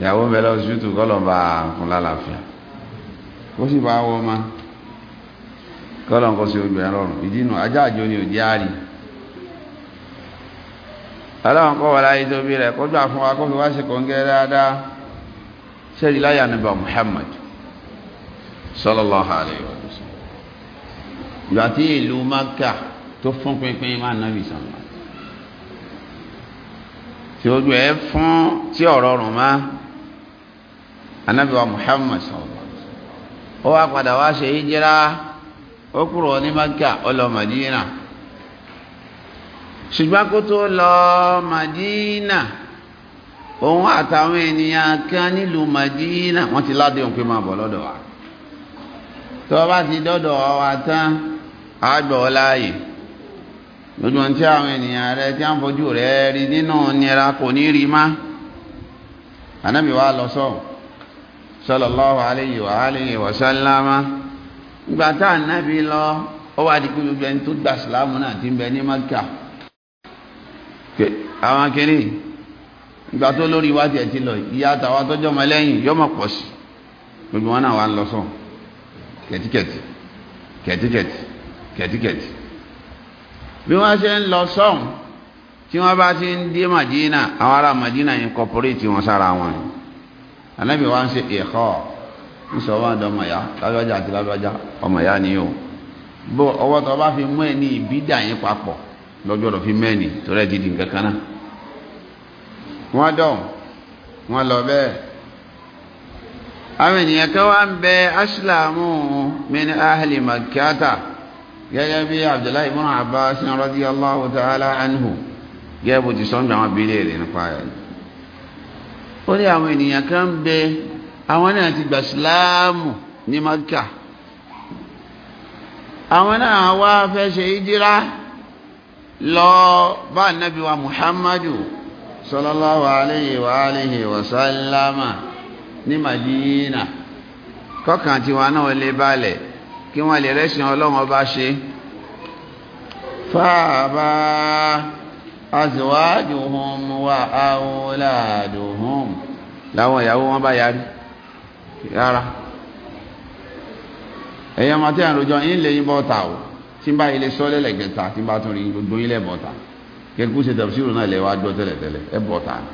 ìyàwó ń bẹ lọ sí tù kọ́lọ̀ bá fún lálàáfíà ó sì bá wọ́ ma kọ́lọ̀ kọ́ sí obìnrin rọrùn ìdínú ajá àjò ni ò jẹ́ àrí aláwọn kọ́ wà láyé tóbi rẹ̀ kọjú àfún wa kó fi wá sí kọ́ńgẹ́ dáadáa ṣẹ́dí láyà níbà Muhammad sallallahu alayhi wa sallam ìgbà tí ìlú Maka tó fún pínpín máa nábì sọ̀rọ̀ tí ojú ẹ fún anábì wa muhammad sallallahu alaihi wasallam ó wá padà wá ṣe hijira ó kúrò ní maka ó lọ madina ṣùgbọ́n kó tó lọ madina òun àtàwọn ènìyàn kan nílùú madina wọ́n ti ládé òun pé máa bọ̀ lọ́dọ̀ wa tó bá ti dọ́dọ̀ wa tán á gbọ́ láàyè lójú ohun tí àwọn ènìyàn rẹ tí a ń fojú rẹ rí nínú nira kò ní rí má anábì lọ sọ́ọ̀ sallallahu alayhi wa alayhi wa sallama ìgbà tá ànábì lọ ó wá di pé gbogbo ẹni tó gbà sílámù náà ti ń bẹ ní Mẹ́kà àwọn akẹ́rẹ́ ìgbà tó lórí iwájú ẹ̀ ti lọ ìyá àtàwọn atọ́jọ́ ọmọ ẹlẹ́yìn yọmọ pọ̀ sí gbogbo wọn náà wà ń lọ sọ kẹ̀tíkẹ̀tì kẹ̀tíkẹ̀tì kẹ̀tíkẹ̀tì bí wọ́n ṣe ń lọ sọ́hùn tí wọ́n bá ti ń dé Màdínà àwọn ará Màdínà yẹn wọn sára wọn ni anábì wa ń ṣe ẹ̀kọ́ ń sọ wá dọmọ ya lágbájá àti lágbájá ọmọ ya ni o bó ọwọ́ tó bá fi mú ẹ ní ìbídà yín papọ̀ lọ́jọ́ lọ fi mẹ́ni tó rẹ̀ dídì nǹkan kan náà wọ́n dọ̀ wọ́n lọ bẹ́ẹ̀ àwọn ènìyàn kan wá ń bẹ aṣíláàmù min ahli makkata gẹ́gẹ́ bí abdullahi ibn abbas radiyallahu ta'ala anhu gẹ́gẹ́ bó ti sọ́njà wọn bí léèrè nípa ẹ̀ ó ní àwọn ènìyàn kan ń bẹ àwọn náà ti gbà síláàmù ní Mákà àwọn náà wá fẹ́ ṣe ìdíra lọ bá nábi wa Muhammadu sallallahu alayhi wa alihi wa sallama ní Madina kọkàn tí wọn náà lè balẹ̀ kí wọ́n lè rẹ́sìn Ọlọ́run ọba ṣe fàábàá azwajuhum wa awladuhum láwọn ìyàwó wọn bá yarí rárá ẹ̀yà máa tí a rojọ́ ilẹ̀ yìí bọ́ta o tí bá ilé sọ́lẹ̀ lẹ́gbẹ̀ta tí bá tún rí gbogbo ilẹ̀ bọ́ta kẹ́kú ṣe tẹ̀síwò náà lẹ́wà gbọ́ tẹ́lẹ̀tẹ́lẹ̀ ẹ bọ́ta ni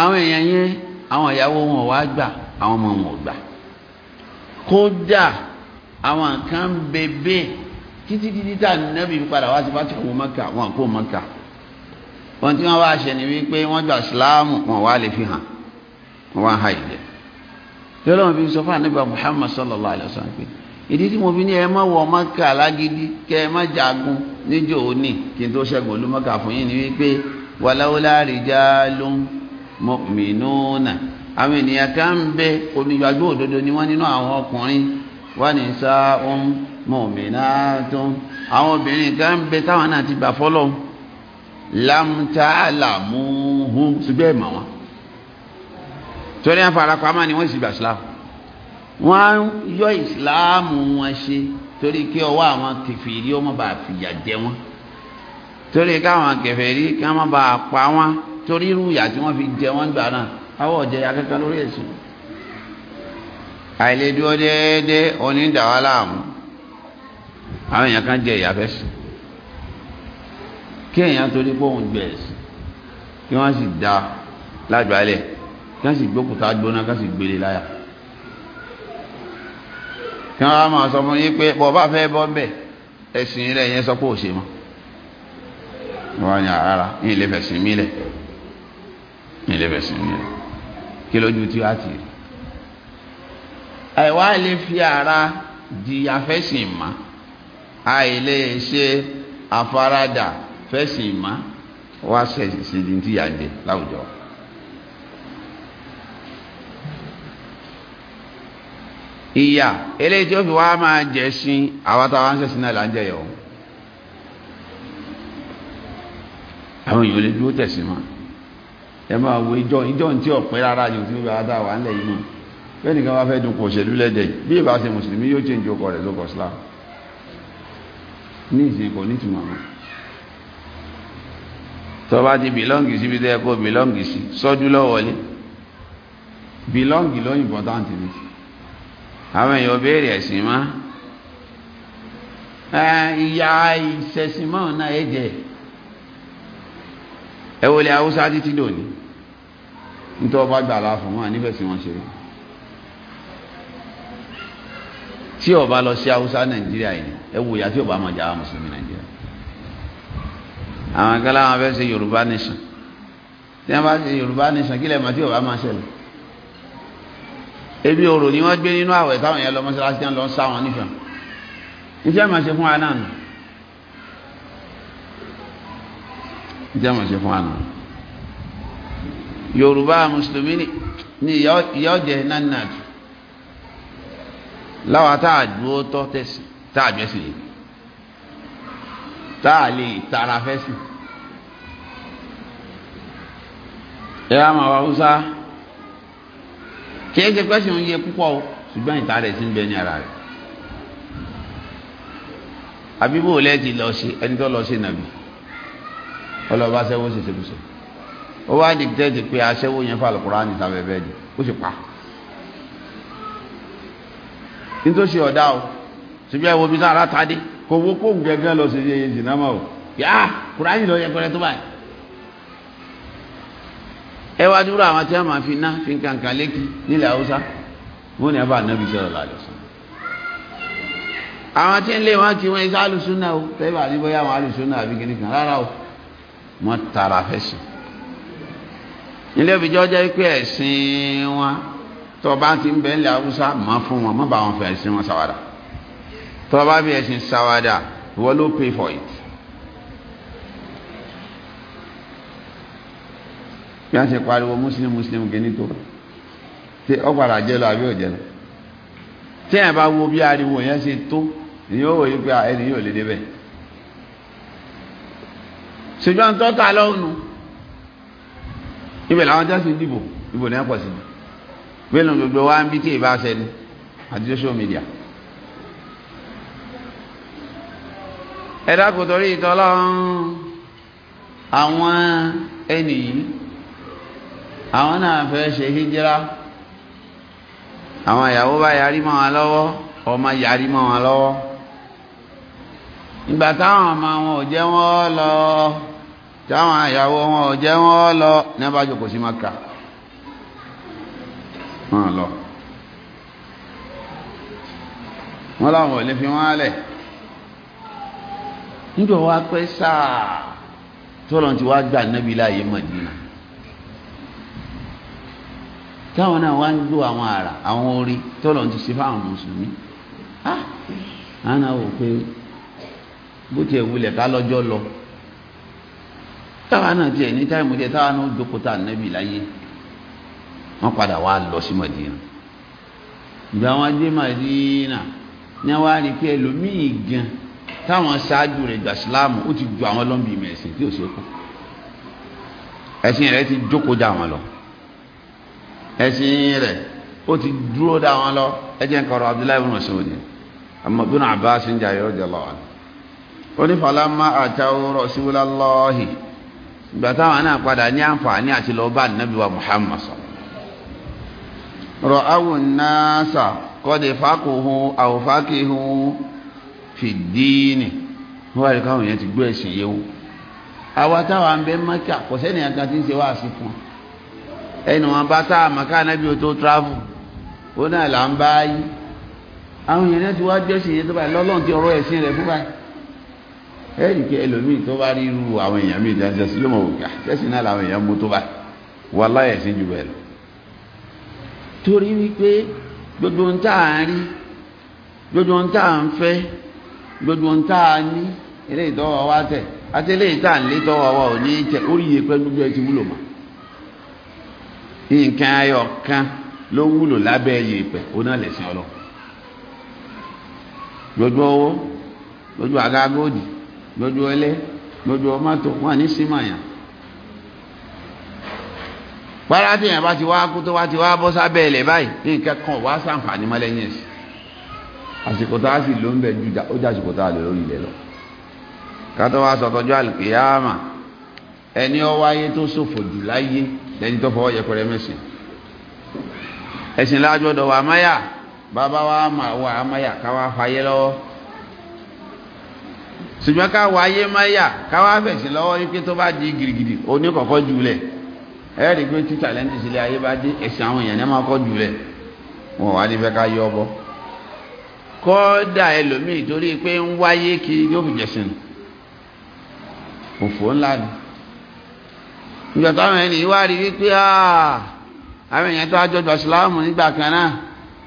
àwọn èèyàn yẹn àwọn ìyàwó wọn wá gbà àwọn ọmọ wọn gbà kódà àwọn nǹkan bèbè títí títí tá nẹ́bí padà wá sí fátìkù mọ́kà wọn kó mọ́kà wọn tí wọ́n wá ṣe ni wípé wọ́n gbà síláàmù wọn wá lè fi hàn wọn wá ha ìjẹ́ tí ọlọ́run fi sọ fún ànábì Muhammad sallallahu alaihi wasallam pé ìdí tí mo fi ní ẹ má wọ mọ́kà lágídí kẹ ẹ má jagun òní kí n tó olú mọ́kà fún yín ni mu'minatun àwọn obìnrin kan ń bẹ táwọn náà ti gbà fọ́lọ́ lámtàlàmúhùn ṣùgbọ́n ẹ̀mọ̀ wọn torí àfarapamọ́ ni wọ́n sì gbà sílámù wọ́n yọ ìsìláàmù wọn ṣe torí kí ọwọ́ àwọn kẹfìrí ọmọ bá fìyà jẹ wọn torí káwọn kẹfìrí kí wọ́n bá pa wọn torí irú ìyà tí wọ́n fi jẹ wọn gbà náà àwọn ọ̀jẹ̀ akẹ́kọ̀ọ́ lórí ẹ̀sìn àìlèdúró déédéé onídàwálàmù àwọn èèyàn kan jẹ ìyà fẹ́sìn kí èèyàn torí pé òun gbẹ ẹ̀sìn kí wọ́n sì da lágbàálẹ̀ kí wọ́n sì gbókùtà gbóná kí wọ́n sì gbélé láyà kí wọ́n á máa sọ fún yín pé bọ́ bá fẹ́ bọ́ bẹ́ẹ̀ ẹ̀sìn rẹ̀ yẹn sọ pé ò ṣe mọ́ wọ́n ní àrárá ní ilé fẹ̀sìn mílẹ̀ ní ilé fẹ̀sìn mílẹ̀ kí lójú tí wàá ti rí àìwá lè fi ara di afẹ́sìn máa àìlè ṣe àfaradà fẹ́sìn ìmá wá ṣèṣìdì tí yà jẹ láwùjọ ìyà eléyìí tí ó fi wá máa jẹ sin àwátawà ń ṣẹ̀sìn náà là ń jẹ yọ àwọn èèyàn lè dúró tẹ̀sí mọ́ ẹ máa wo ìjọ ìjọ tí ọ̀pẹ́ rárá yóò tí ó bá wà ń lẹ̀ yìí mọ́ bẹ́ẹ̀ nìkan wá fẹ́ dùn kò ṣèlú bí ìbá mùsùlùmí yóò change ọkọ̀ rẹ̀ lókọ̀ Islam ní ìsìn kò ní ìtumọ̀ mọ́ tó bá ti bìlọ́ǹgì síbi tó yẹ kó bìlọ́ǹgì sí sọ́jú lọ́wọ́lé bìlọ́ǹgì ló important ni àwọn èèyàn béèrè ẹ̀sìn mọ́ ìyá ìṣẹ̀sìn mọ́ náà ẹ jẹ ẹ wọlé haúsá títí dòní nítorí ọba gbà láàfọ̀ wọn níbẹ̀ sí wọn ṣe rẹ̀ tí ó bá lọ sí haúsá nàìjíríà yìí ẹ wò yá tí ó bá mọ̀ jà àwọn mùsùlùmí nàìjíríà àwọn akẹ́lẹ́ àwọn fẹ́ ṣe yorùbá nation tí wọ́n bá ṣe yorùbá nation kílẹ̀ mọ̀ tí ó bá máa ṣẹlẹ̀ ebi òrò ni wọ́n gbé nínú àwẹ̀ táwọn yẹn lọ mọ́ṣáláṣí lọ ń sáwọn nífẹ̀ẹ́ iṣẹ́ máa ṣe fún wa náà nù iṣẹ́ máa ṣe fún wa náà yorùbá mùsùlùmí ni ìyá náà nàdù láwa táà dúró tọ́ tẹ̀sí táà jẹ́sì lè táà lè tara fẹ́sì. ẹ á máa wá húsá kì í ṣe pẹ́sì ń yẹ púpọ̀ o ṣùgbọ́n ìta rẹ̀ ti ń bẹ ní ara rẹ̀ àbíbò lẹ́ẹ̀tì lọ ṣe ẹni tó lọ ṣe nàbì ọlọ́ba aṣẹ́wó ṣe ṣe kùsọ̀ ó wá dìgítẹ́ẹ̀tì pé aṣẹ́wó yẹn fà lọ́kùnrin àti ìta bẹ́ẹ̀ bẹ́ẹ̀ di ó sì pa á nítorí ṣe ọ̀dá o ṣùgbọ́n ẹ̀wọ̀n bí sára tadé kò wo kóòwù gẹ́gẹ́ lọ sí ẹyẹ ìsìn náà mọ̀ o yá ah, kùránì lọ yẹ tó báyìí. ẹ wá dúró àwọn tí wọn máa fi ná fi kankan lékì nílẹ̀ haúsá wọn ni abá anábì sọ̀rọ̀ lálẹ́ sọ. àwọn tí ń lé wọn kí wọn iṣẹ́ alùsùnà o tẹ́lẹ̀ àti bóyá àwọn alùsùnà àbí kìnnì kan rárá o wọn tara fẹ́ ilé ìfijọ́ jẹ́ pé ẹ̀sìn wọn tó bá ti ń bẹ ńlẹ̀ haúsá má fún wọn má bá wọn fẹ́ ẹ̀sìn wọn ṣàwádà tó bá bí ẹ̀sìn ṣàwádà wọ́n ló pay for it. bí wọ́n ṣe pariwo muslim muslim kìíní tó tí ó padà jẹ́ lọ àbí òjẹ́ lọ tí ẹ̀ bá wo bí ariwo yẹn ṣe tó èyí ó wòye pé ẹni yóò lè débẹ̀ ṣùgbọ́n tó ta lọ́nu ibẹ̀ làwọn jásí dìbò ìbò ní ẹ̀pọ̀ sí ni pẹ̀lú gbogbo wa ń bí tí ìbá ṣe ní àti social media ẹ̀dá kò torí ìtọ́lọ́run àwọn ẹni yìí àwọn náà fẹ́ ṣe hijira àwọn ìyàwó bá yarí mọ́ wọn lọ́wọ́ ọmọ yarí mọ́ wọn lọ́wọ́ ìgbà táwọn ọmọ wọn ò jẹ́ wọ́n lọ táwọn ìyàwó wọn ò jẹ́ wọ́n lọ ní abájọ kò sí máa kà á máa lọ wọ́n láwọn ilé fi wọ́n lẹ̀ níjọ wá pẹ́ sáà tọ́lọ̀ ti wá gbà nábi láàyè Mádínà táwọn náà wá ń gbó àwọn àrà àwọn orí tọ́lọ̀ ti ṣe fáwọn mùsùlùmí ah àná wò pé bó tiẹ̀ wulẹ̀ ká lọ́jọ́ lọ táwọn náà tiẹ̀ ní táìmù díẹ̀ táwọn náà jókòó tà nábi láyé wọ́n padà wá lọ sí Madina ìgbà wọn dé Madina ní wọ́n á rí pé ẹlòmíì gan táwọn ṣáájú rẹ̀ gbà síláàmù ó ti ju àwọn lọ́nbì mẹ̀sìn tí ò ṣe kú ẹ̀sìn rẹ̀ ti jókòó dá wọn lọ ẹ̀sìn rẹ̀ ó ti dúró dá wọn lọ ẹjẹ́ nkọ̀rọ̀ Abdullahi bin Mas'ud bin Abbas ń jà yọ̀ọ́ jẹ́ lọ́wọ́ ó ní falamma àtàwọn Rasulullahi ìgbà táwọn náà padà ní àǹfààní àti lọ́ọ́ bá wa Muhammad sọ̀rọ̀ رأوا الناس قد فقهوا أو فقهوا في الدين هو الكلام يتقبل الشيء àwa táwa ń bẹ mọ́kà kò sẹ́ni àga tí ń ṣe wá sí fún ẹnu wọn bá tá àmọ́ àwọn èèyàn ti wá jọ́sìn yẹn tó báyìí lọ́lọ́run ti ọ̀rọ̀ ẹ̀sìn rẹ̀ fún báyìí ẹ̀rì kí ẹlòmíì tó bá rí irú àwọn èèyàn míì dáadáa sí ah, náà làwọn èèyàn mú tó báyìí jù bẹ́ẹ̀ lọ torí wípé gbogbo ń tá à ń rí gbogbo ń tá à ń fẹ́ gbogbo ń tá à ní ilé ìtọ́wọ́ wa tẹ̀ àti ilé ìtà ńlé tọ́wọ́ wa ò ní tẹ̀ ó rí iye pẹ́lú bí ẹ ti wúlò mọ́ nǹkan ayọ̀ kan ló wúlò lábẹ́ iye pẹ̀ ó náà lẹ̀sìn ọlọ́ gbogbo owó gbogbo àga gbogbo ẹlẹ́ gbogbo mọ́tò wọn ní símáyàn gbára tí èèyàn bá ti wá kú tó wá ti wá bọ́ sábẹ́ ilẹ̀ báyìí nǹkan kan wá sàǹfààní mọ́ lẹ́yìn ẹ̀sìn àsìkò tá a sì ló ń bẹ ju ó jà àsìkò tá a lè lórí ilẹ̀ lọ ká tó wá sọ tọjú àlùkìyàmà ẹni ó wáyé tó ṣòfò jù láyé lẹni tó fọwọ́ yẹpẹrẹ mẹ́sìn ẹ̀sìn lájọ́ dọ̀ wà máyà bàbá wa máa wà máyà ká wá lọ́wọ́ ṣùgbọ́n ká wáyé máyà ká fẹ̀sìn lọ́wọ́ wípé tó bá di gìrìgìrì oníkọ̀kọ́ jù ẹ̀rí pé tí challenge sílé ayé bá dé ẹ̀sìn àwọn èèyàn ní máa kọ́ jù lẹ̀ wọn wá ní fẹ́ ká yọ ọbọ kọ́dà ẹlòmíì torí pé ń wáyé kí yóò fi jẹ̀sìn òfò ńlá ni ìjọ táwọn ẹni wá rí wípé àwọn èèyàn tó àjọjọ síláàmù nígbà kan náà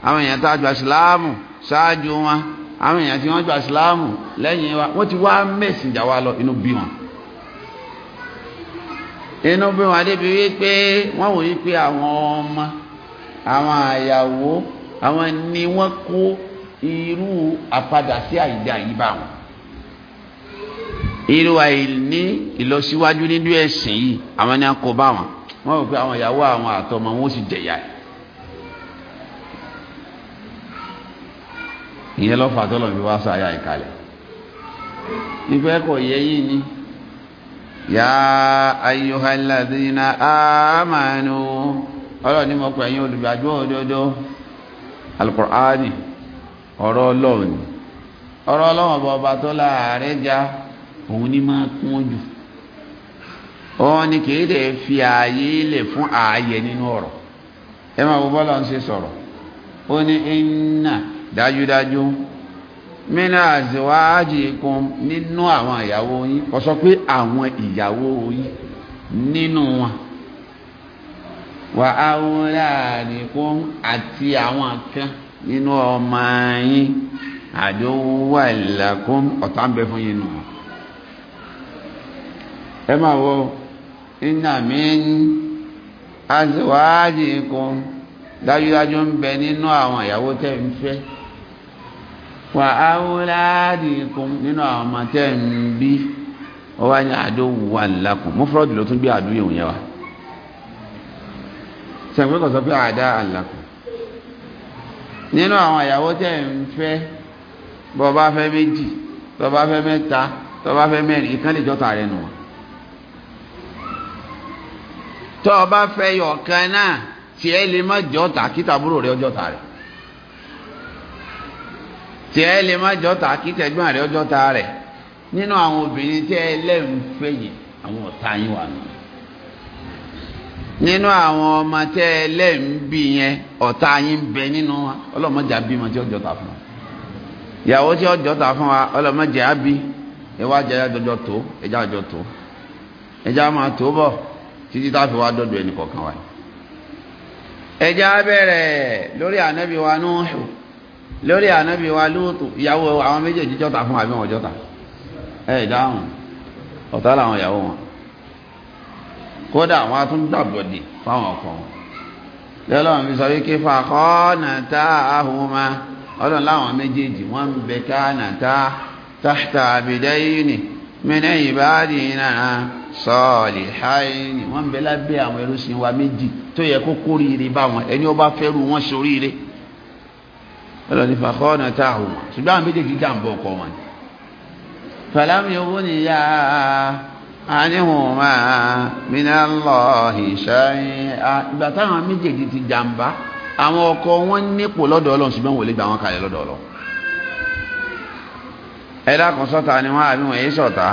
àwọn èèyàn tó àjọ síláàmù ṣáájú wọn àwọn èèyàn tí wọ́n jọ síláàmù lẹ́yìn wa wọ́n ti wá mẹ́sìn jà wá lọ inú bí wọn inú bí wọn débi wípé wọ́n wò wípé àwọn ọmọ àwọn àyàwó àwọn ni wọ́n kó irú àpadà sí àìdá yìí bá wọn irú àìní ìlọsíwájú nínú ẹ̀sìn yìí àwọn ni a kó bá wọn wọ́n wò pé àwọn ìyàwó àwọn àtọmọ wọn ó sì jẹ̀yà ẹ̀ ìyẹn lọ́fà tọ́lọ̀ fi wá sáyà ìkàlẹ̀ ìfẹ́ kọ̀ yẹ yìí ni. يا أيها الذين آمنوا ọlọ́run ní mọ̀kù ẹ̀yin olùgbàgbọ́ òdodo alukur'ani ọ̀rọ̀ ọlọ́run ọ̀rọ̀ ọlọ́run ọba ọba tó láàárẹ̀ já òun ní máa kún jù òun ni kì í lè fi ààyè lè fún ààyè nínú ọ̀rọ̀ ẹ máa wo bọ́lá ń ṣe sọ̀rọ̀ ó ní iná dájúdájú mina azwajikum nínú àwọn ìyàwó yín kò sọ pé àwọn ìyàwó yín nínú wọn wà awladikum àti àwọn kan nínú ọmọ yín àdúwà lakum ọ̀tá ń bẹ fún yín nù wọn ẹ máa wọ iná mi ń azwajikum dájúdájú ń bẹ nínú àwọn ìyàwó tẹ́ ń fẹ́ wà áwòládìkún nínú àwọn ọmọ tẹ́ ń bí ó wá ní àdó wà lákùn mú fúrọ́dù ló tún gbé àdúyè òun yẹn wa sẹ̀gbẹ́ kò sọ pé àdá àlàkùn nínú àwọn ìyàwó tẹ́ ń fẹ́ bó bá fẹ́ méjì tó bá fẹ́ mẹ́ta tó fẹ́ mẹ́rin ìkan lè jọ́ta rẹ̀ nù wọ́n tó fẹ́ yọ̀kan náà tiẹ̀ lè má jọ́ta kí tàbúrò rẹ̀ ọjọ́ta rẹ̀ tí ẹ lè má jọta kí tẹ̀gbọ́n rẹ̀ ọjọ́ta rẹ̀ nínú àwọn obìnrin tí ẹ lẹ́rù fẹ́ àwọn ọ̀tá yín wà nù nínú àwọn ọmọ tẹ́ ẹ lẹ́rù bí yẹn ọ̀tá yín bẹ nínú wa ọlọ́mọdé àbímọ tí ọjọ́ta fún wa ìyàwó tí ọjọ́ta fún wa ọlọ́mọdé àbí ìwà jẹ́ ẹjọ́ tó ẹjá ọjọ́ tó ẹjá máa tó bọ̀ títí tá a fi wá dọ́dọ̀ ẹnì kọ̀ọ̀kan wa ẹjá bẹ̀rẹ̀ lórí ànábì wa Nuhu lórí ànábì wa lóòtù ìyàwó àwọn méjèèjì jọ́ta fún àbí wọn jọ́ta ẹ̀ dáhùn ọ̀tá làwọn ìyàwó wọn kódà àwọn atún gbàgbọ́dì fáwọn ọkọ wọn lọ́lọ́run fi sọ wípé fàkọ́nà tá àhùnmá ọlọ́run láwọn méjèèjì wọ́n ń bẹ káànà tá tàhtà àbìdẹ́yìnì mẹ́nà ìbáàdìnà sọ́ọ̀lì háìní wọ́n ń bẹ lábẹ́ àwọn ẹrúsìn wa méjì tó yẹ kó kórìíre bá ọlọ́ni fàkọ́ọ̀nà táàhù ṣùgbọ́n àwọn méjèèjì jàǹbọ̀ ọkọ̀ wọn fàlámi owó ni yá àníhùn máa minallahi shay'a ìgbà táwọn méjèèjì ti jàǹbá àwọn ọkọ̀ wọn nípò lọ́dọ̀ ọlọ́run ṣùgbọ́n wò lè gbà wọn kalẹ̀ lọ́dọ̀ ọlọ́run ẹ̀dá kan sọ́ta ni wọ́n àbí wọ́n yé sọ̀tá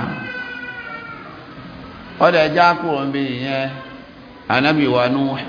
ọ̀dọ̀ ẹja kúrò ń bí ìyẹn anábìwá núhùn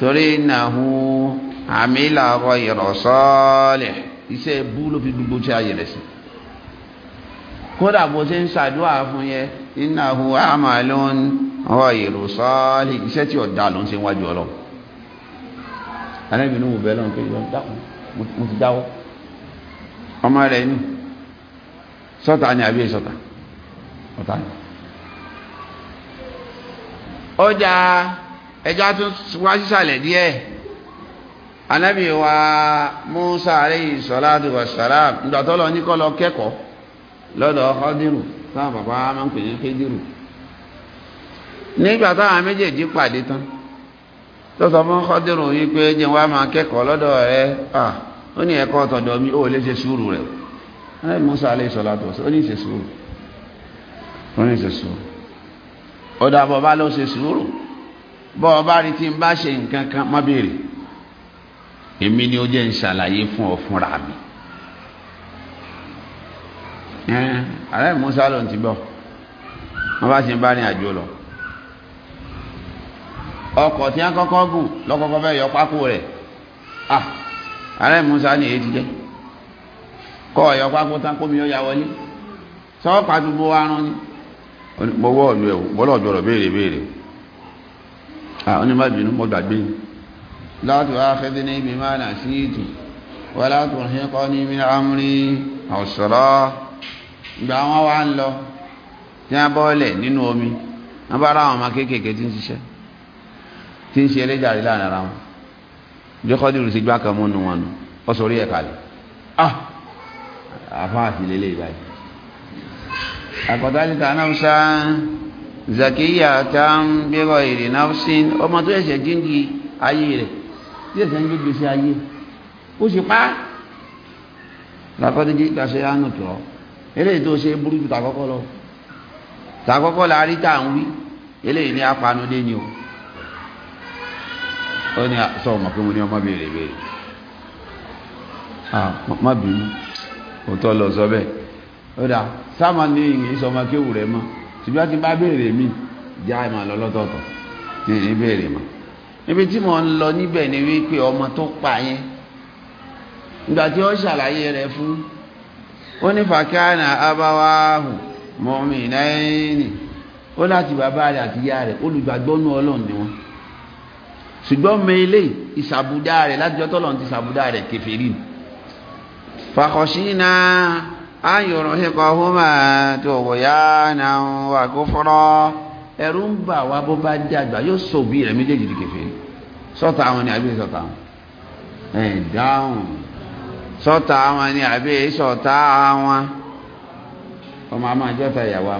torí ìnáhu àmìlà ọkọ̀ ìrọ̀sọ́ọ̀lẹ̀ iṣẹ́ bú ló fi gbogbo tí a yẹ̀rẹ̀ sí kódà bó ṣe ń ṣàdúrà fún yẹ ìnáhu àmàlún ọkọ̀ ìrọ̀sọ́ọ̀lẹ̀ iṣẹ́ tí ọ̀dà ló ń ṣe wájú ọlọ́run anábìnú lọ́n pé mo ti dáwọ́ ọmọ ẹjá tún wá sísàlẹ̀ díẹ̀ anábì wa Musa alayhi salatu wassalam ǹdọ̀tọ́lọ ní kọ́lọ kẹ́kọ̀ọ́ lọ́dọ̀ Khadiru táwọn bàbá máa ń pè ní Khadiru nígbà táwọn méjèèjì pàdé tán tó sọ fún Khadiru yìí pé jẹ́ wá máa kẹ́kọ̀ọ́ lọ́dọ̀ rẹ ó ní ẹ̀kọ́ tọ̀dọ̀ mi ó lè ṣe sùúrù rẹ̀ anábì Musa alayhi salatu wassalam ó ní ṣe sùúrù bọ́ ọba rí tí ń bá ṣe nǹkan kan má ni ó jẹ́ ń ṣàlàyé fún ọ fúnra mi ààrẹ Musa ló ti bọ wọ́n bá ti ń bá ní àjò lọ ọkọ̀ tí a kọ́kọ́ gùn lọ́kọ́kọ́ yọ pákó rẹ̀ ah, ààrẹ Musa ní èyí ti jẹ́ kọ́ ọ̀yọ́ pákó tán ya wọlé sọ́ọ́ pàdúgbò ni gbogbo ẹ̀ béèrè àwọn onímọ̀ bínú mo gbàgbé láti wá fẹ́dé ní ibi máa nà sí ìtù wà láti wọ́n ṣe kọ́ ní ibi amúrí ọ̀ṣọ́rọ́ ìgbà wọn wá ń lọ tí wọ́n bọ́ọ̀lẹ̀ nínú omi wọ́n bá ọmọ kéékèèké tí ń ṣiṣẹ́ tí ń ṣe eléjàre láàrin wọn jọ́kọ́dìrú sí gbá kan mọ́nu wọn nù ọ sọ orí ẹ̀ kalẹ̀ ah! lélẹ̀ ìbáyìí àkọ́tálítà náà sáà zakiya ta ń bẹ́rọ èrè náfsín ọmọ tó ẹ̀ṣẹ̀ jíndì ayé rẹ̀ tí ẹ̀ṣẹ̀ ń gbégbé sí ayé ó sì pa lákọ́dé jíta ṣe ánù tọ́ eléyìí tó ṣe burú jù tàkọ́kọ́ lọ tàkọ́kọ́ la rí tà ń wí eléyìí ní apanudé ni o ó ní sọ ọmọ pé mo ní ọmọ béèrè béèrè ah, má bínú òótọ́ lọ sọ bẹ́ẹ̀ ó dà sáà ní ìyìn sọmọ kéwù rẹ mọ́ ṣùgbọ́n ti bá béèrè mi já ẹ̀ máa lọ lọ́tọ̀ọ̀tọ̀ ní ìbéèrè mọ́ ibi tí mo ń lọ níbẹ̀ ni wípé ọmọ tó pa yẹn ìgbà tí ó ṣàlàyé rẹ̀ fún ó ní fàkánà abáwáhù mọ́mìnáìní ó láti bàbá rẹ̀ àti ìyá rẹ̀ olùgbàgbọ́nú ọlọ́run ni wọ́n ṣùgbọ́n mi ìṣàbùdá rẹ̀ láti ọjọ́ tọ́lọ́run ti ṣàbùdá rẹ̀ kèfèrí fàkọ̀ṣínà an yurhiqahuma tughyanan wa kufra ẹ̀rù ń bà wá bó bá dàgbà yóò so bí rẹ̀ méjèèjì di kèfèrí sọ́ta àwọn ni àbí sọ́ta àwọn ẹ̀ dáhùn sọ́ta àwọn ni àbí sọ́ta àwọn ọmọ àmà jọ́ta ìyàwó wa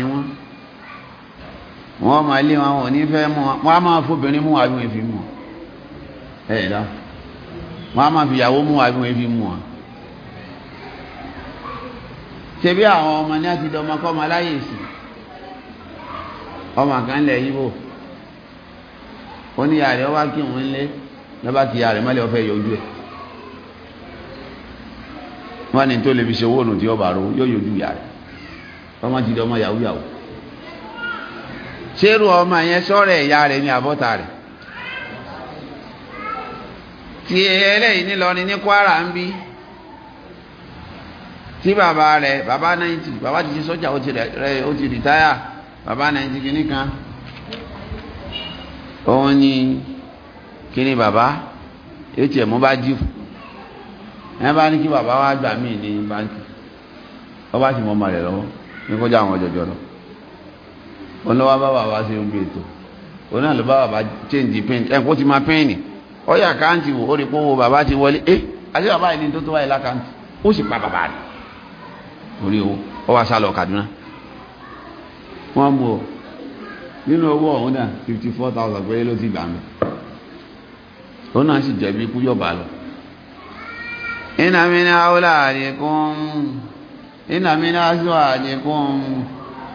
ni wọ́n máa lé wọn wọn ní fẹ́ mú wọn wọ́n máa fóbìnrin mú àbí wọn fi mú wọn ẹ̀ dá wọ́n máa fi ìyàwó mú àbí wọn fi mú wọn. ṣebí àwọn ọmọ ní àti dọmọ kọ́ ọmọ aláyè sí ọmọ kan lẹ̀ yíbò oníyà rẹ̀ ọba kí òun lé lọ́ba ti yà rẹ̀ mọ́lẹ̀ ọ̀fẹ́ yọjú ẹ̀ wọ́n ní tó lè fi ṣe owó ònà tí ọba rò yóò yọjú yà ọmọ ti dọmọ yàwó yàwó. ṣérù ọmọ yẹn sọ́rẹ̀ ìyá rẹ̀ ní àbọ́ta rẹ̀ tí ẹlẹ́yìn nílọrin ní Kwara ń bí tí bàbá rẹ̀ bàbá 90 bàbá ti ṣe sọ́jà ó ti rìtáyà bàbá 90 kìíní kan òun ni kìíní bàbá yóò tiẹ̀ mú bá jífù ẹ bá ní kí bàbá wá gbà míì ní báńkì ọba ti ọmọ rẹ̀ lọ́wọ́ ní oníwà bá bàbá ṣe ń gbé ètò oníwà ló bá bàbá change pain ẹ̀ kó ti máa pain ni ó yà káàntì wò ó rí pówó bàbá ti wọlé ẹ́ eh, àti bàbá yìí ní tó tó wáyé lákàntì ó sì pa bàbá rẹ̀ orí owó ó wá sálọ Kaduna wọ́n mú ọ nínú owó ọ̀hún náà fifty four thousand péré ló ti gbà mí òun náà sì jẹ̀bi ikú yọ̀bà lọ. ìnàmínà ọ̀la àdìkún ìnàmínà sọ àdìkún.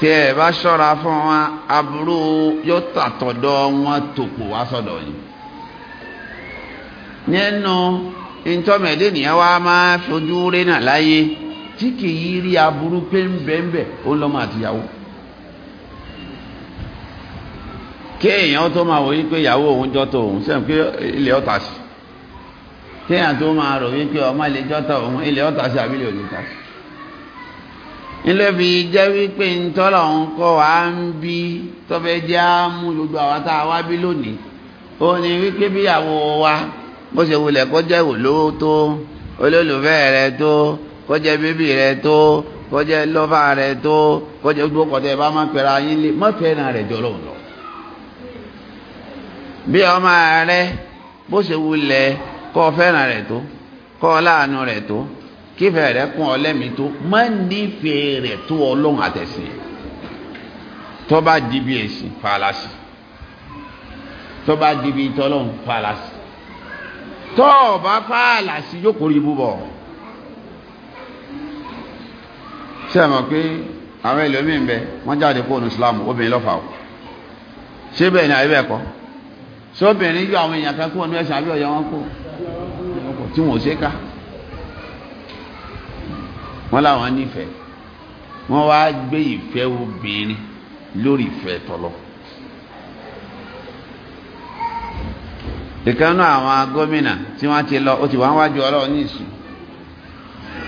tí ẹ bá ṣọ́ra fún wa aburú yóò tàtọ̀dọ̀ wọn tòpò wá sọ́dọ̀ yìí nínú ntọ́mẹ̀dé nìyẹn wá máa fojú rí náà láyé tí kì í rí aburú pé ń bẹ̀ ń bẹ̀ ó ń lọ́mọ àtìyàwó kéèyàn tó máa wò wípé ìyàwó òun jọ́tọ̀ òun sẹ́yìn pé ilé ọ̀tà sí kéèyàn tó máa rò wípé ọmọ ilé jọ́tọ̀ òun ilé ọ̀tà sí àbílẹ̀ òní ta sí ńlẹ́bi jẹ́ wípé ntọ́lọ̀ ń kọ́ wa ń bí tọ́fẹ́ jẹ́ àmú gbogbo àwọn wá bí lónìí ó ní wípé bíyàwó wa bó ṣe wulẹ̀ kó jẹ́ olówó tó olólùfẹ́ rẹ tó kó jẹ́ bíbí rẹ tó kó jẹ́ lọ́fà rẹ tó kó jẹ́ gbogbo kọ̀tẹ́ bá máa pẹ̀lú ayé lé má fẹ́ràn rẹ̀ jọ lọ. bí ọmọ rẹ bó ṣe wulẹ̀ kó fẹ́ràn rẹ̀ tó kó láàánú rẹ̀ tó kífẹ̀ rẹ̀ kún ọlẹ́mi tó má nífẹ̀ẹ́ rẹ̀ tó ọlọ́run àtẹ̀sìn tó bá di bí ẹ̀sìn falasi tó bá di tọ́lọ́run falasi tó bá falasi jókòó rí búbọ̀ ṣe mọ̀ pé àwọn ẹlòmíín bẹ wọ́n jáde kó nu Islam obìnrin lọ́fà o ṣé bẹ́ẹ̀ ni àyè bẹ́ẹ̀ kọ́ ṣé obìnrin yọ àwọn èèyàn kan kó nu ẹ̀sìn àbí ọ̀yọ́ wọn kó tí wọn ò ṣe ká wọ́n láwọn nífẹ̀ẹ́ wọ́n wá gbé ìfẹ́ obìnrin lórí ìfẹ́ tọlọ. ìkànnì àwọn gómìnà tí wọ́n ti lọ ó ti wá wájú ọlọ́run ní ìsìn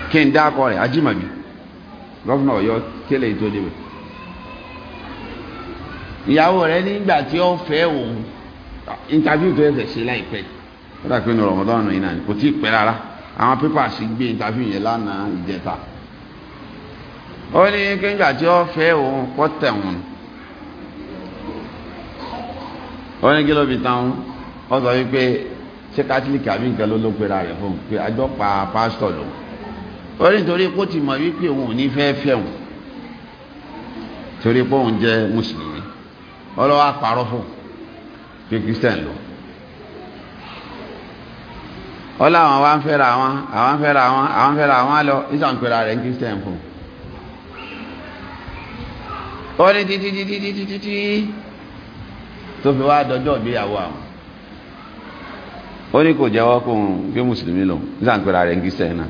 kí n dákọ rẹ̀ ajímọ̀bí gọ́fúnà ọ̀yọ́ tẹ́lẹ̀ tó débẹ̀ ìyàwó rẹ̀ nígbà tí ó fẹ́ òun interview tó yẹ fẹ́ ṣe láìpẹ́ ó dà pé ní rọ̀mọdọ́nù yìí náà kò tí ì pẹ́ rárá àwọn pépà sì gbé ìtàfíì yẹn lánàá ìjẹta ó ní kéńgbà tí ó fẹ́ òun kọ́ tẹ̀wọ̀n ó ní kí ló fi tán ó sọ wípé ṣé kátólíkì àbí nǹkan ló ló pera rẹ̀ fún un pé àjọ pa pásítọ̀ lòun ó ní torí kó ti mọ̀ wípé òun ò ní fẹ́ fẹ́ òun torí pé òun jẹ́ mùsùlùmí ọlọ́wọ́ àparọ́ fún un pé kristian lòun ọlá àwọn wa ń fẹ́ra wọn àwọn fẹ́ra wọn àwọn fẹ́ra wọn lọ ìsànkúra rẹ̀ ń kírísítẹ̀ fún ó ní títí títí títí títí tó fi wá dọjọ́ ìgbéyàwó àwọn ó ní kò jẹ́wọ́ kó ń gbé mùsùlùmí lọ ìsànkúra rẹ̀ ń kírísítẹ̀ náà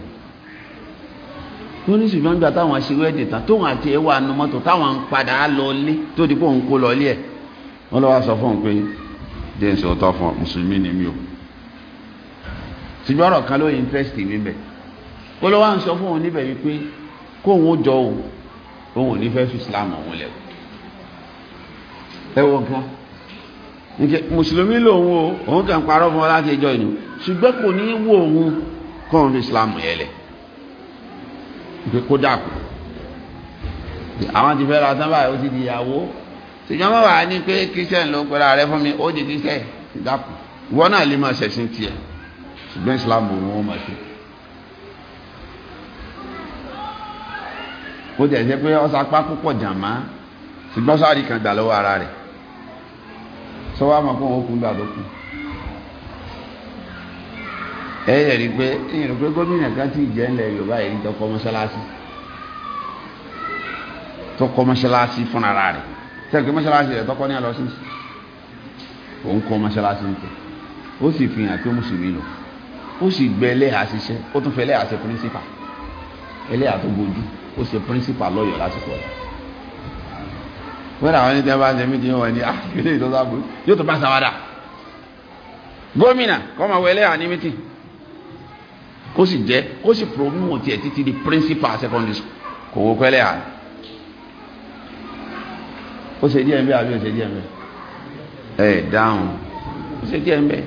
ó ní ṣùgbọ́n gbà táwọn aṣèwé ẹ̀dẹ̀ tán tóun àti ẹwà nu mọ́tò táwọn ń padà lọ lé tó di pé òun kó lọ lé ẹ̀ wọ́n lọ́wọ́ sọ fún un pé jẹ́ ìṣòótọ́ fún mùsùlùmí ni mí o ṣùgbọ́n ọ̀rọ̀ kan ló interest mi bẹ̀ kó ló wá ń sọ fún òun níbẹ̀ wípé kó òun ó jọ òun òun ò ní fẹ́ fi Islam òun lẹ̀ ẹ wọ gan mùsùlùmí lòun o òun kàn parọ́ fún ọ láti ẹjọ́ ìnú ṣùgbọ́n kò ní wo òun kó òun fi Islam yẹn lẹ̀ kó dàkú àwọn ti fẹ́ ra tán báyìí ó ti di ìyàwó ṣùgbọ́n wọ́n wà ní pé christian ló pẹ̀lú ààrẹ fún mi ó di christian dàkú ìwọ náà lè máa ṣẹ̀sìn tiẹ̀ ṣùgbọ́n islam ni wọ́n máa ṣe ó tẹ̀ jẹ́ pé ọ̀sà apá púpọ̀ jàmá ṣùgbọ́n sáré kan gbà lọ́wọ́ ara rẹ̀ sọ́wọ́ àmọ́ kó wọn kú gbà tó kù ẹ yẹ rí pé ìyẹn pé gómìnà kan ti jẹ́ ńlẹ̀ Yorùbá yìí tó kọ́ mọ́ṣáláṣí tó kọ́ mọ́ṣáláṣí fúnra rẹ̀ sẹ́kì mọ́ṣáláṣí rẹ̀ tọ́kọ́ ní àlọ́sí òun kọ́ mọ́ṣáláṣí nìkan ó sì fi hàn pé mùsùlùmí lò ó sì gbẹ ẹlẹ́hà ṣiṣẹ́ ó tún fẹ́ ẹlẹ́hà ṣe píríncípà ẹlẹ́hà tó gojú ó ṣe píríncípà lọ́yọ̀ lásìkò rẹ̀ wọ́n àwọn ẹni tí wọ́n bá ń ṣe mítí wọn ni àkílẹ̀ ìtọ́sá bó yóò tó bá ṣàwádà gómìnà kọ́ máa wọ ẹlẹ́hà ní mítì kó sì jẹ́ kó sì promote ẹ̀ títí di principal secondary school kò wọ́n kọ́ ẹlẹ́hà ó ṣe díẹ̀ ń bẹ́ àbí ó ṣe díẹ̀ ń bẹ́ ẹ̀ dáhùn ó ṣe díẹ̀ ń bẹ́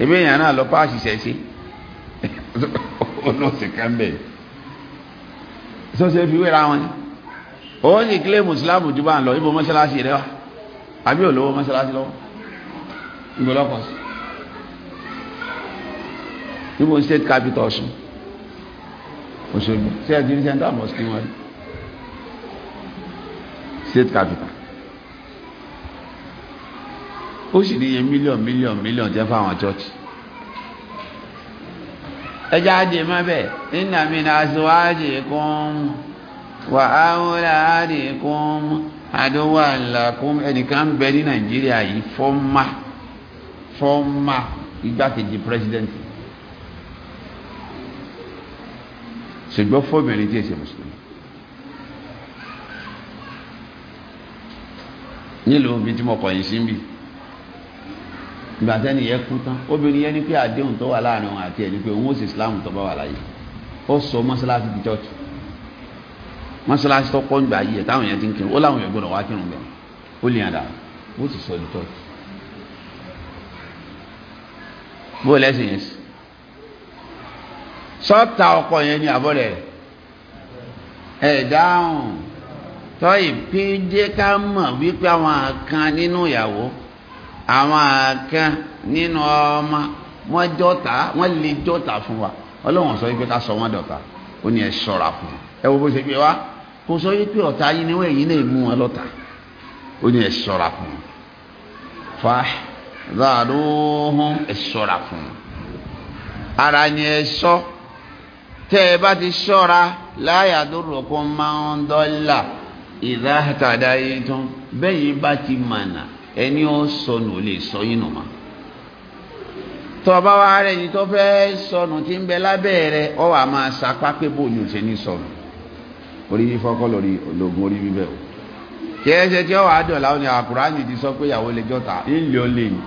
ebi èèyàn náà lọ páàsì se ọ̀nà ọ̀sẹ̀ kan bẹ̀ sọ́sẹ̀ fi wéra wọn ó sì kílé mùsùlámù jù bá ń lọ ibo mọ́ṣáláṣí rẹ wá àbí olówó mọ́ṣáláṣí lọ́wọ́ ibo lọ́kọ̀ sí ibo state capital Ọ̀ṣun Òṣogbo sí ẹ̀jìn central mosque wọn state capital ó sì níye million million, mílíọ̀n jẹ́ fáwọn chọ́ọ̀chì ẹjá dì má bẹ́ẹ̀ nínú àmì aṣíwájì kún wà áwọ́lá àdì kún àdówà làkún ẹnìkan bẹ ní nàìjíríà yìí fọ́mà fọ́mà igbákejì pírẹsidẹ́ntì ṣùgbọ́n fọ́bìnrin tí èsì mùsùlùmí nílùú bí tí mo kọ̀yìn sí bíi ìgbà ni yẹn kú tán obìnrin yẹn ní pé àdéhùn tó wà láàrin òun àti ẹ̀ pé òun ó sì islam tó bá wà láyé ó sọ mọ́sálásí di church mọ́sálásí tó pọ̀ nígbà yìí ẹ̀ táwọn yẹn ti ń kírun ó láwọn yẹn gbọ́dọ̀ wá kírun bẹ́ẹ̀ ó lè yàn dà ó sì sọ di church bó lẹ́sìn yẹn sí sọ́ta ọkọ yẹn ní àbọ̀ ẹ̀ dáhùn tọ́ ìpín jẹ́ ká mọ̀ wípé àwọn kan nínú ìyàwó àwọn kan nínú ọmọ wọ́n jọ́ta wọ́n lè jọ́ta fún wa ọlọ́wọ̀n sọ wípé ká sọ wọ́n dọ̀ta ó ní ẹ ṣọ́ra fún ẹ wo bó ṣe pé wá kò sọ wípé ọ̀tá yín ni wọ́n èyí náà mú wọn lọ́ta ó ní ẹ ṣọ́ra fún fa láàrúhún ẹ ṣọ́ra fún ara ni ẹ ṣọ́ tẹ́ ẹ bá ti ṣọ́ra láyà tó rọ̀kọ́ máa ń dọ́là ìdáhàtàdá yìí tán bẹ́yìn bá ti mànà ẹni ó sọnù lè sọ yín nù mọ́ tọ́ bá wá rẹ̀ ní tó fẹ́ sọnù tí ń bẹ lábẹ́ rẹ̀ ọ wà máa sapá pé bò ní òṣè ní sọnù orí fífọ́ kọ́ lórí ológun orí bíbẹ̀ o kí ẹ ṣe tí ọ wà á dọ̀la ó ní àkùránì ti sọ pé ìyàwó lè jọta ńlẹ ó lè ní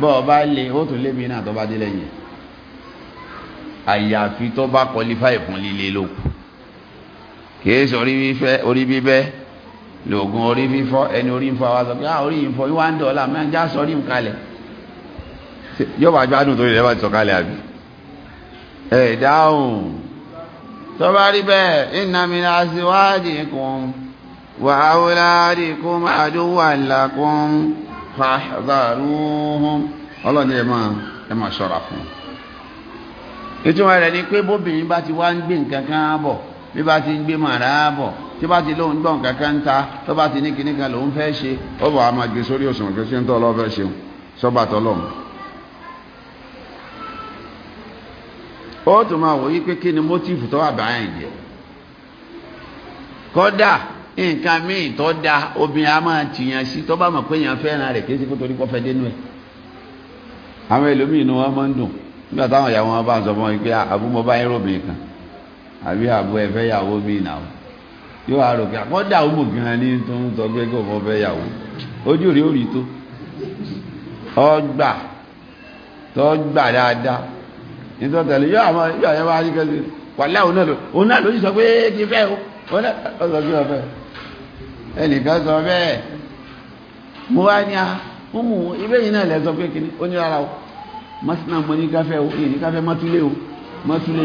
bọ́ ọ bá lè ó tún lé mi náà tó bá dé lẹ́yìn àyàfi tó bá kọlífà ìfún líle lókù kì í sọ orí bíbẹ́ lògùn orí fífọ́ ẹni orí ń fọ́ wa sọ pé ah orí yíwá ń dọ̀ọ́lá máa ń já sọ orí ń kalẹ̀ yóò bá gbádùn torí rẹ̀ ti sọ àbí ẹ̀ dáhùn tó bá rí bẹ́ẹ̀ ìnàmìnà síwájì kún wà áwúláàrí kún ọlọ́ni máa fún ìtumọ̀ rẹ̀ ni pé bóbìnrin bá ti wá ń bí bá ti ń gbé màrá bọ̀ tí bá ti lóun gbọ̀n kankan ń ta tó bá ti ní kinní kan lòun fẹ́ ṣe ó bọ̀ á máa gbé sórí òṣùwọ̀n pé ṣé ń tọ́ lọ́ọ́ fẹ́ ṣeun sọ́gbà tọ́lọ́run. ó tún máa wòye pé kí ni mótífù tó wà báyìí jẹ kódà nǹkan míì tó da obi a máa tìyàn sí tó bá mọ̀ pé èèyàn fẹ́ràn rẹ̀ kí n sì kó torí kó fẹ́ dénú àwọn ẹlòmíì máa ń dùn nígbà táwọn ìyàwó wọn àbí àbọ̀ ẹ̀fẹ́ yàwó mi ìnáwó yóò wá rògbé àkọ́dà ọmọbìnrin ní tó ń sọ pé kò fọ́ fẹ́ yàwó ojú rí orí tó ọgbà dáadáa nítorí tẹ̀lé yóò àwọn yóò yẹ wá wàlẹ́ òun náà òun náà sọ pé fẹ́ sọ ẹnìkan sọ bẹ́ẹ̀ mo wá ní a yìí náà lẹ sọ pé ní o mọ́sínà ní káfẹ́ o ní káfẹ́ mọ́túlé o mọ́túlé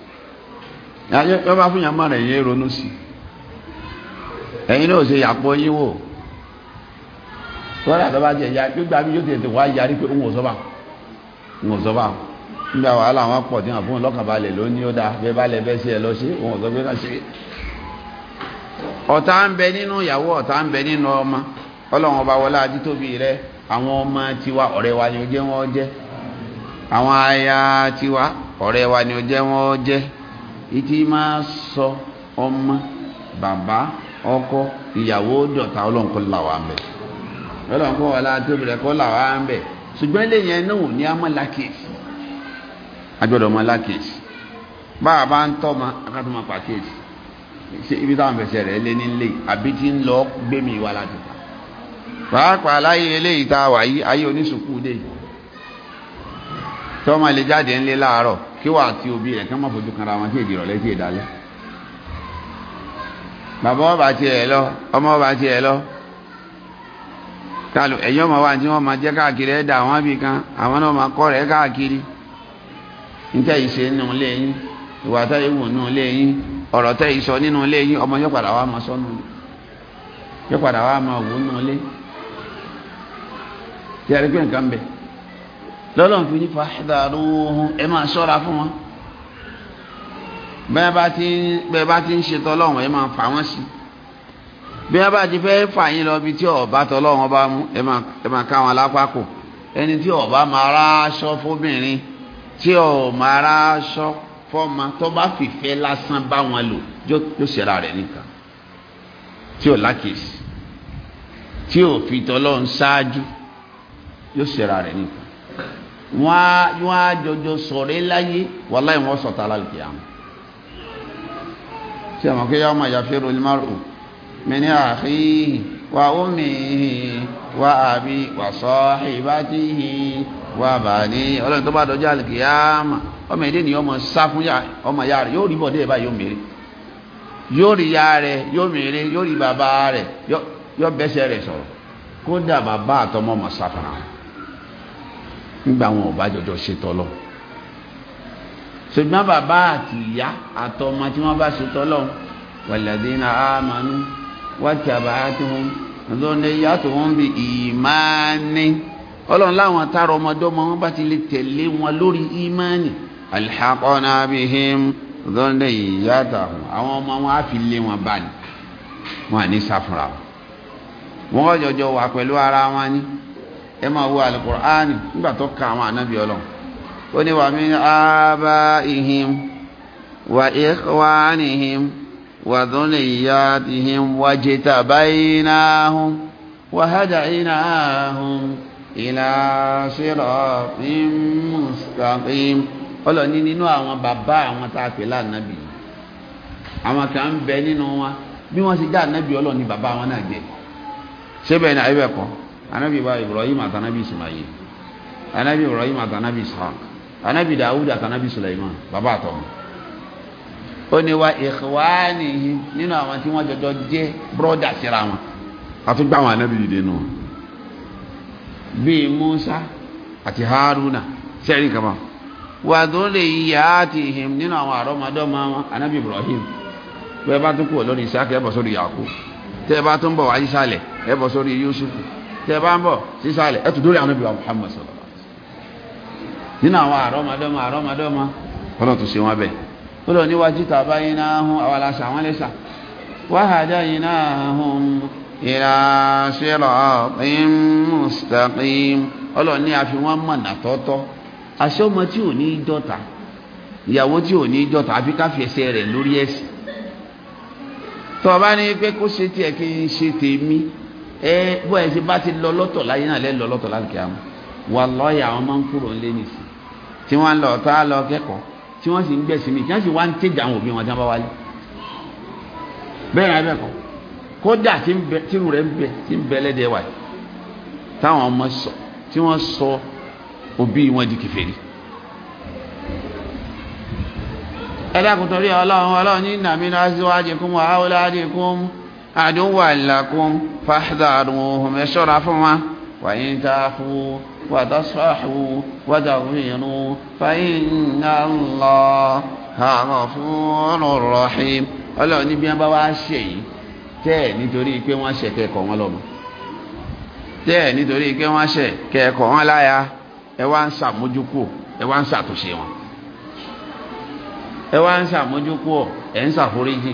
ẹ bá fún yàn má rẹ̀ yẹn ronú sí ẹ̀yin náà ṣe yàpọ̀ yín wò tọ́lá jẹ ìyá gbígbà yóò tètè wá yarí pé òun ò sọ́bà òun ò sọ́bà nígbà wàhálà wọn pọ̀ tí wọn fún lọ́kànbalẹ̀ ló ó bẹ́ẹ̀ bá sí ẹ lọ ṣe òun ò sọ pé náà ṣe. ọ̀tá ń bẹ nínú ìyàwó ìtì máa sọ ọmọ bàbá ọkọ ìyàwó dọ̀tá ọlọ́nkọ làwà ń bẹ̀ ọlọ́nkọ wà látòbí rẹ̀ kọ́ làwà ń bẹ̀ ṣùgbọ́n lẹ́yìn náà ní a mọ́ lákèsì agbọ́dọ̀ mọ́ lákèsì bá a bá ń tọ́ ma akátọ́ ma pàkèsì ṣe ibi táwọn fẹsẹ̀ rẹ̀ lé nílé àbí tí ń lọ gbé mi wá láti pa pàápàá láyé eléyìí tá a wà yí ayé oníṣùkú dé tọ́mọ ilé jáde ńlé láàárọ̀ kí wà àti òbí rẹ̀ kí wọ́n fojú kanra wọn tí èdè ìrọ̀lẹ́ tí èdálẹ́ bàbá ọba ti ẹ̀ lọ ọmọ ọba ti ẹ̀ lọ kálù ẹ̀yọ́ ọmọ wa tí wọ́n máa jẹ́ káàkiri ẹ̀dá àwọn abì kan àwọn náà máa kọ́ rẹ̀ káàkiri níta ìṣe nínú ilé yín ìwà tá ìwò nínú ilé yín ọ̀rọ̀ tẹ́ ìsọ nínú ilé yín ọmọ yóò padà wá máa sọ yóò padà wá máa wò nínú ilé tí a rí pé nǹkan bẹ́ẹ̀ lọ́lọ́n fi ní fàṣídàrúhun ẹ máa ṣọ́ra fún wọn bẹ́ẹ̀ bá ti ń ṣe tọ́lọ́wọ̀n ẹ máa fà wọ́n sí bí wọ́n bá ti fẹ́ fà yín lọ bí tí ọ̀bá tọ́lọ́wọ̀n bá mú ẹ máa ká wọn lápákò ẹni tí ọ̀bá máa ráṣọ fóbìnrin tí ọ̀ máa ráṣọ fọ́mọ tó bá fìfẹ́ lásán bá wọn lò yóò ṣẹ̀ra rẹ̀ nìkan tí ò lákèsí tí ò fi tọ́lọ́run ṣáájú yóò ṣẹ̀ra rẹ̀ nìkan wọ́n á jọjọ sọ̀rẹ́ láyé wàláhì wọ́n sọ̀tà lálùkì àmà tí a mọ̀ kí yawma yafiru al-mar'u min akhihi wa ummihi wa abi wa sahibatihi wa bani ọlọ́run tó bá dọjọ́ àlùkì àmà ọmọ èdè ni ọmọ sá fún ọmọ ya rẹ̀ yóò rí bọ̀dé báyìí yóò mèrè yóò rí ya rẹ̀ yóò mèrè yóò rí bàbá rẹ̀ yóò bẹ́sẹ̀ rẹ̀ sọ̀rọ̀ kódà bàbá àtọmọ ọmọ sá fún àwọn nígbà wọn ò bá jọjọ ṣe tọlọ ṣùgbọ́n bàbá àti ìyá àtọmọ tí wọ́n bá ṣe tọlọ wàlẹ́dínà àmánú wàtàbà tí wọ́n lọ́nà ìyá tó wọ́n bí ìmáàní ọlọ́run láwọn tààrọ ọmọdé ọmọ wọn bá ti lè tẹ̀lé wọn lórí ìmáàní alhaqona bihim lọ́nà ìyá tààrùn àwọn ọmọ wọn á fi lé wọn bá wọn à ní sáfúnra wọn jọjọ wà pẹ̀lú ara wọn ni ẹ máa wo alukur'ani nígbà tó ka àwọn ànábì ọlọ́run ó ní wa min abaihim wa ikhwanihim wa dhurriyyatihim wa jitabaynahum wa hadaynahum ila siratin mustaqim ọlọ́ni nínú àwọn bàbá àwọn tá a pè lánàbì àwọn kan ń bẹ nínú wọn bí wọ́n ṣe jẹ́ ànábì ọlọ́ni bàbá wọn náà jẹ́ ṣé bẹ́ẹ̀ ni kan anabi wa ibrahim àti anabi ismail anabi ibrahim àti anabi ishaq anabi dawud àti anabi sulaiman bàbá àtọmọ ó ní wa ikhwanihi nínú àwọn tí wọ́n jọjọ jẹ́ brọ́dà síra wọn àtúgbà àwọn anabi dìde nù bíi musa àti haruna sẹ́rí kama wà tó lè yíya àti ihim nínú àwọn àrọ́mọdọ́mọ wọn anabi ibrahim bẹ́ẹ̀ bá tún kúrò lórí isaac ẹ bọ́ sórí yakub tẹ́ ẹ bá tún bọ̀ wáyé sálẹ̀ ẹ bọ́ yusuf tẹ bá ń bọ̀ sísàlẹ̀ ẹtù dórí ànábì wa Muhammad sallallahu alaihi wasallam nínú àwọn àrọ́mọdọ́mọ àrọ́mọdọ́mọ ọlọ́run tó ṣe wọn bẹ́ẹ̀ ó lọ níwájú tàbá iná hun àwọn aláṣà wọn lẹ́sà wáhàdá iná hun ìlà siratin mustaqim ọlọ́run ní àfi wọ́n mọ̀nà tọ́tọ́ aṣọ ọmọ ẹ bó ẹ ṣe bá ti lọ lọ́tọ̀ láyé náà lẹ́nu lọ lọ́tọ̀ láti àmú wà lọ́ọ̀yà àwọn máa ń kúrò ńlé nìsí tí wọ́n lọ tá a lọ kẹ́kọ̀ọ́ tí wọ́n sì ń gbẹ̀sí mi tí wọ́n sì wá ń tẹ̀jà àwọn òbí wọn tí wọ́n bá wálé bẹ́ẹ̀ ni abẹ́kọ̀ kódà tírù rẹ̀ ń bẹ tí ń bẹ lẹ́dẹ̀ẹ́ wáyé táwọn ọmọ sọ tí wọ́n sọ òbí wọn di kèfèrí ẹ̀dá kò torí ọlọ́run ọlọ́run ní nàmínú aṣíwájú kún wàhálà dé عدوا لكم فاحذروهم يشرع وإن تعفوا وتصفحوا وتغفروا فإن الله غفور رحيم ọlọ́run níbi wọn bá wá ṣe yìí tẹ́ ẹ̀ nítorí pé wọ́n ṣe kẹ́kọ̀ọ́ wọn lọ́mọ tẹ́ ẹ̀ nítorí pé wọ́n ṣe kẹ́kọ̀ọ́ wọn ẹ ń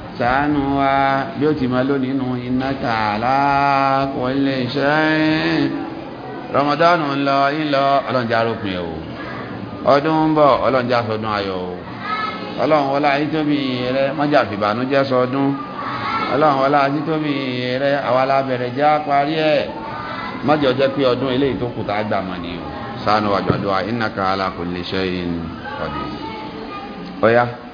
ṣàánú wa bí ó ti máa lónìí nù iná tààlà kò lè ṣe é Ramadan ń lọ ń lọ ọlọ́njà arópin o ọdún ń bọ̀ ọlọ́njà sọdún ayọ̀ o ọlọ́run wọlá títóbi rẹ mọ́jà fìbànújẹ́ sọdún ọlọ́run wọlá títóbi rẹ àwa bẹ̀rẹ̀ já parí ẹ̀ mọ́jọ jẹ́ pé ọdún eléyìí tó kù tá a gbà mọ́ ni o ṣàánú wa jọ̀dọ̀ innaka ala kulli shay'in qadir ọ̀ya.